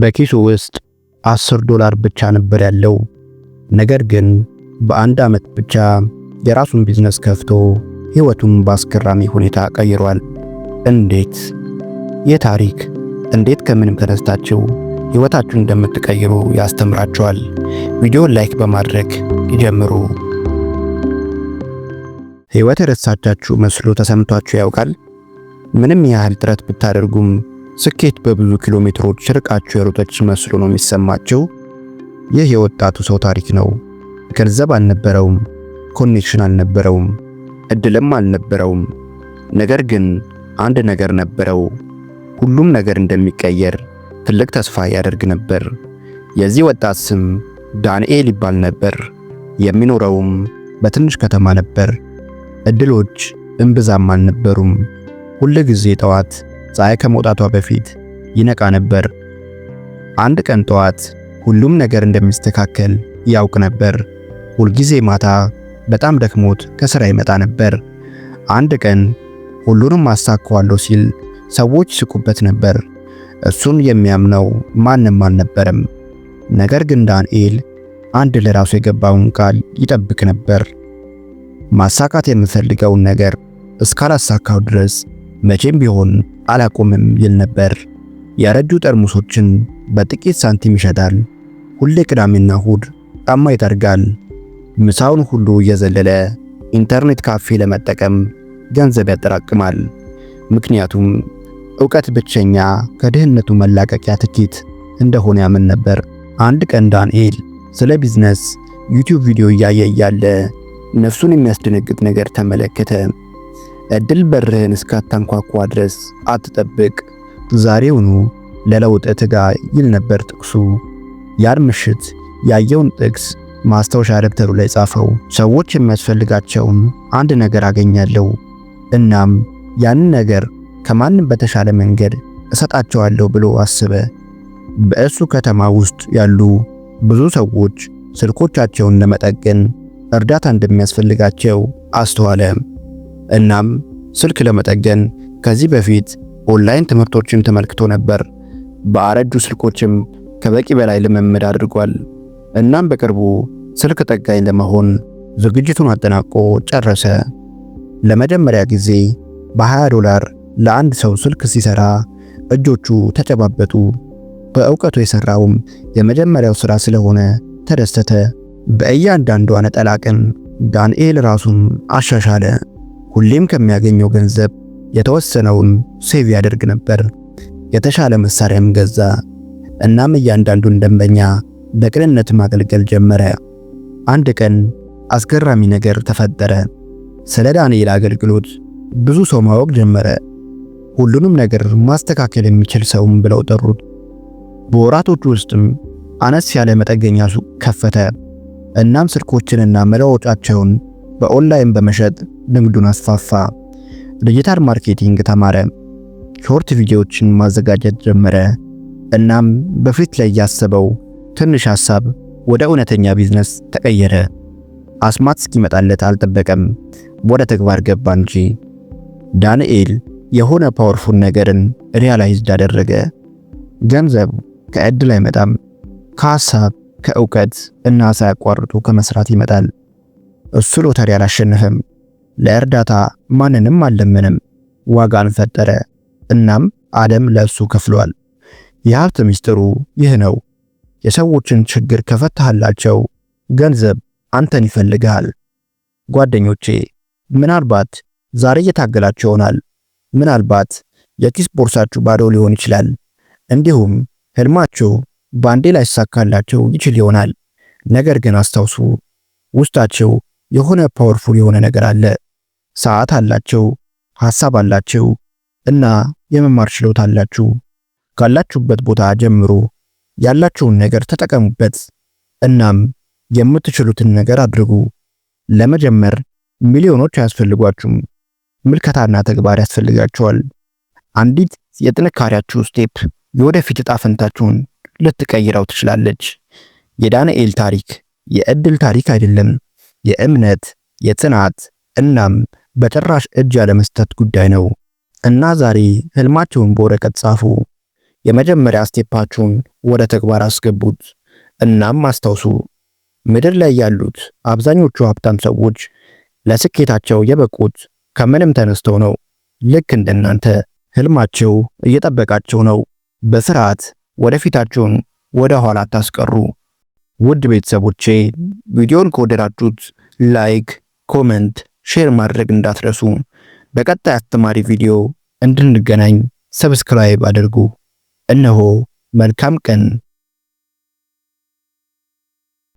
በኪሱ ውስጥ 10 ዶላር ብቻ ነበር ያለው። ነገር ግን በአንድ ዓመት ብቻ የራሱን ቢዝነስ ከፍቶ ሕይወቱን በአስገራሚ ሁኔታ ቀይሯል። እንዴት ይህ ታሪክ እንዴት ከምንም ተነስታችሁ ሕይወታችሁን እንደምትቀይሩ ያስተምራችኋል። ቪዲዮን ላይክ በማድረግ ይጀምሩ። ሕይወት የረሳቻችሁ መስሎ ተሰምቷችሁ ያውቃል? ምንም ያህል ጥረት ብታደርጉም ስኬት በብዙ ኪሎ ሜትሮች ሸርቃቸው የሮጠች መስሎ ነው የሚሰማቸው። ይህ የወጣቱ ሰው ታሪክ ነው። ገንዘብ አልነበረውም፣ ኮኔክሽን አልነበረውም፣ እድልም አልነበረውም። ነገር ግን አንድ ነገር ነበረው። ሁሉም ነገር እንደሚቀየር ትልቅ ተስፋ ያደርግ ነበር። የዚህ ወጣት ስም ዳንኤል ይባል ነበር። የሚኖረውም በትንሽ ከተማ ነበር። እድሎች እምብዛም አልነበሩም። ሁልጊዜ ጠዋት ፀሐይ ከመውጣቷ በፊት ይነቃ ነበር። አንድ ቀን ጠዋት ሁሉም ነገር እንደሚስተካከል ያውቅ ነበር። ሁልጊዜ ማታ በጣም ደክሞት ከስራ ይመጣ ነበር። አንድ ቀን ሁሉንም አሳካዋለሁ ሲል ሰዎች ይስቁበት ነበር። እሱን የሚያምነው ማንም አልነበረም። ነገር ግን ዳንኤል አንድ ለራሱ የገባውን ቃል ይጠብቅ ነበር። ማሳካት የምፈልገውን ነገር እስካላሳካው ድረስ መቼም ቢሆን አላቆምም ይል ነበር። ያረጁ ጠርሙሶችን በጥቂት ሳንቲም ይሸጣል። ሁሌ ቅዳሜና እሁድ ጫማ ይጠርጋል። ምሳውን ሁሉ እየዘለለ ኢንተርኔት ካፌ ለመጠቀም ገንዘብ ያጠራቅማል። ምክንያቱም እውቀት ብቸኛ ከድህነቱ መላቀቂያ ትኬት እንደሆነ ያምን ነበር። አንድ ቀን ዳንኤል ስለ ቢዝነስ ዩቲዩብ ቪዲዮ እያየ እያለ ነፍሱን የሚያስደነግጥ ነገር ተመለከተ። እድል በርህን እስካታንኳኳ ድረስ አትጠብቅ፣ ዛሬውኑ ለለውጥ ትጋ ይል ነበር ጥቅሱ። ያን ምሽት ያየውን ጥቅስ ማስታወሻ ደብተሩ ላይ ጻፈው። ሰዎች የሚያስፈልጋቸውን አንድ ነገር አገኛለሁ፣ እናም ያንን ነገር ከማንም በተሻለ መንገድ እሰጣቸዋለሁ ብሎ አስበ። በእሱ ከተማ ውስጥ ያሉ ብዙ ሰዎች ስልኮቻቸውን ለመጠገን እርዳታ እንደሚያስፈልጋቸው አስተዋለም። እናም ስልክ ለመጠገን ከዚህ በፊት ኦንላይን ትምህርቶችን ተመልክቶ ነበር። በአረጁ ስልኮችም ከበቂ በላይ ልምምድ አድርጓል። እናም በቅርቡ ስልክ ጠጋኝ ለመሆን ዝግጅቱን አጠናቆ ጨረሰ። ለመጀመሪያ ጊዜ በ20 ዶላር ለአንድ ሰው ስልክ ሲሰራ እጆቹ ተጨባበጡ። በእውቀቱ የሰራውም የመጀመሪያው ስራ ስለሆነ ተደሰተ። በእያንዳንዷ ነጠላ ቀን ዳንኤል ራሱን አሻሻለ። ሁሌም ከሚያገኘው ገንዘብ የተወሰነውን ሴቭ ያደርግ ነበር። የተሻለ መሳሪያም ገዛ። እናም እያንዳንዱን ደንበኛ በቅንነት ማገልገል ጀመረ። አንድ ቀን አስገራሚ ነገር ተፈጠረ። ስለ ዳንኤል አገልግሎት ብዙ ሰው ማወቅ ጀመረ። ሁሉንም ነገር ማስተካከል የሚችል ሰውም ብለው ጠሩት። በወራቶች ውስጥም አነስ ያለ መጠገኛ ሱቅ ከፈተ። እናም ስልኮችንና መለወጫቸውን በኦንላይን በመሸጥ ንግዱን አስፋፋ። ዲጂታል ማርኬቲንግ ተማረ፣ ሾርት ቪዲዮዎችን ማዘጋጀት ጀመረ። እናም በፊት ላይ ያሰበው ትንሽ ሐሳብ ወደ እውነተኛ ቢዝነስ ተቀየረ። አስማት እስኪመጣለት አልጠበቀም፣ ወደ ተግባር ገባ እንጂ። ዳንኤል የሆነ ፓወርፉል ነገርን ሪያላይዝድ አደረገ። ገንዘብ ከእድል አይመጣም፣ ከሐሳብ ከእውቀት እና ሳያቋርጡ ከመስራት ይመጣል። እሱ ሎተሪ አላሸነፈም። ለእርዳታ ማንንም አልለመነም፣ ዋጋን ፈጠረ። እናም ዓለም ለእሱ ከፍሏል። የሀብት ምስጢሩ ይህ ነው። የሰዎችን ችግር ከፈታህላቸው ገንዘብ አንተን ይፈልግሃል። ጓደኞቼ ምናልባት ዛሬ እየታገላችሁ ይሆናል። ምናልባት የኪስ ቦርሳችሁ ባዶ ሊሆን ይችላል። እንዲሁም ህልማችሁ በአንዴ ሳካላችሁ ይችል ይሆናል። ነገር ግን አስታውሱ ውስጣችሁ የሆነ ፓወርፉል የሆነ ነገር አለ። ሰዓት አላቸው፣ ሐሳብ አላቸው እና የመማር ችሎታ አላችሁ። ካላችሁበት ቦታ ጀምሮ ያላችሁን ነገር ተጠቀሙበት። እናም የምትችሉትን ነገር አድርጉ። ለመጀመር ሚሊዮኖች አያስፈልጓችሁም። ምልከታና ተግባር ያስፈልጋቸዋል። አንዲት የጥንካሬያችሁ ስቴፕ የወደፊት እጣ ፈንታችሁን ልትቀይረው ትችላለች። የዳንኤል ታሪክ የእድል ታሪክ አይደለም። የእምነት የጽናት እናም በጭራሽ እጅ ያለመስጠት ጉዳይ ነው። እና ዛሬ ህልማችሁን በወረቀት ጻፉ። የመጀመሪያ ስቴፓችሁን ወደ ተግባር አስገቡት። እናም አስታውሱ ምድር ላይ ያሉት አብዛኞቹ ሀብታም ሰዎች ለስኬታቸው የበቁት ከምንም ተነስተው ነው። ልክ እንደናንተ ህልማቸው እየጠበቃቸው ነው። በፍርሃት ወደፊታችሁን ወደ ኋላ አታስቀሩ። ውድ ቤተሰቦቼ ቪዲዮን ከወደዳችሁት ላይክ፣ ኮመንት፣ ሼር ማድረግ እንዳትረሱ። በቀጣይ አስተማሪ ቪዲዮ እንድንገናኝ ሰብስክራይብ አድርጉ። እነሆ መልካም ቀን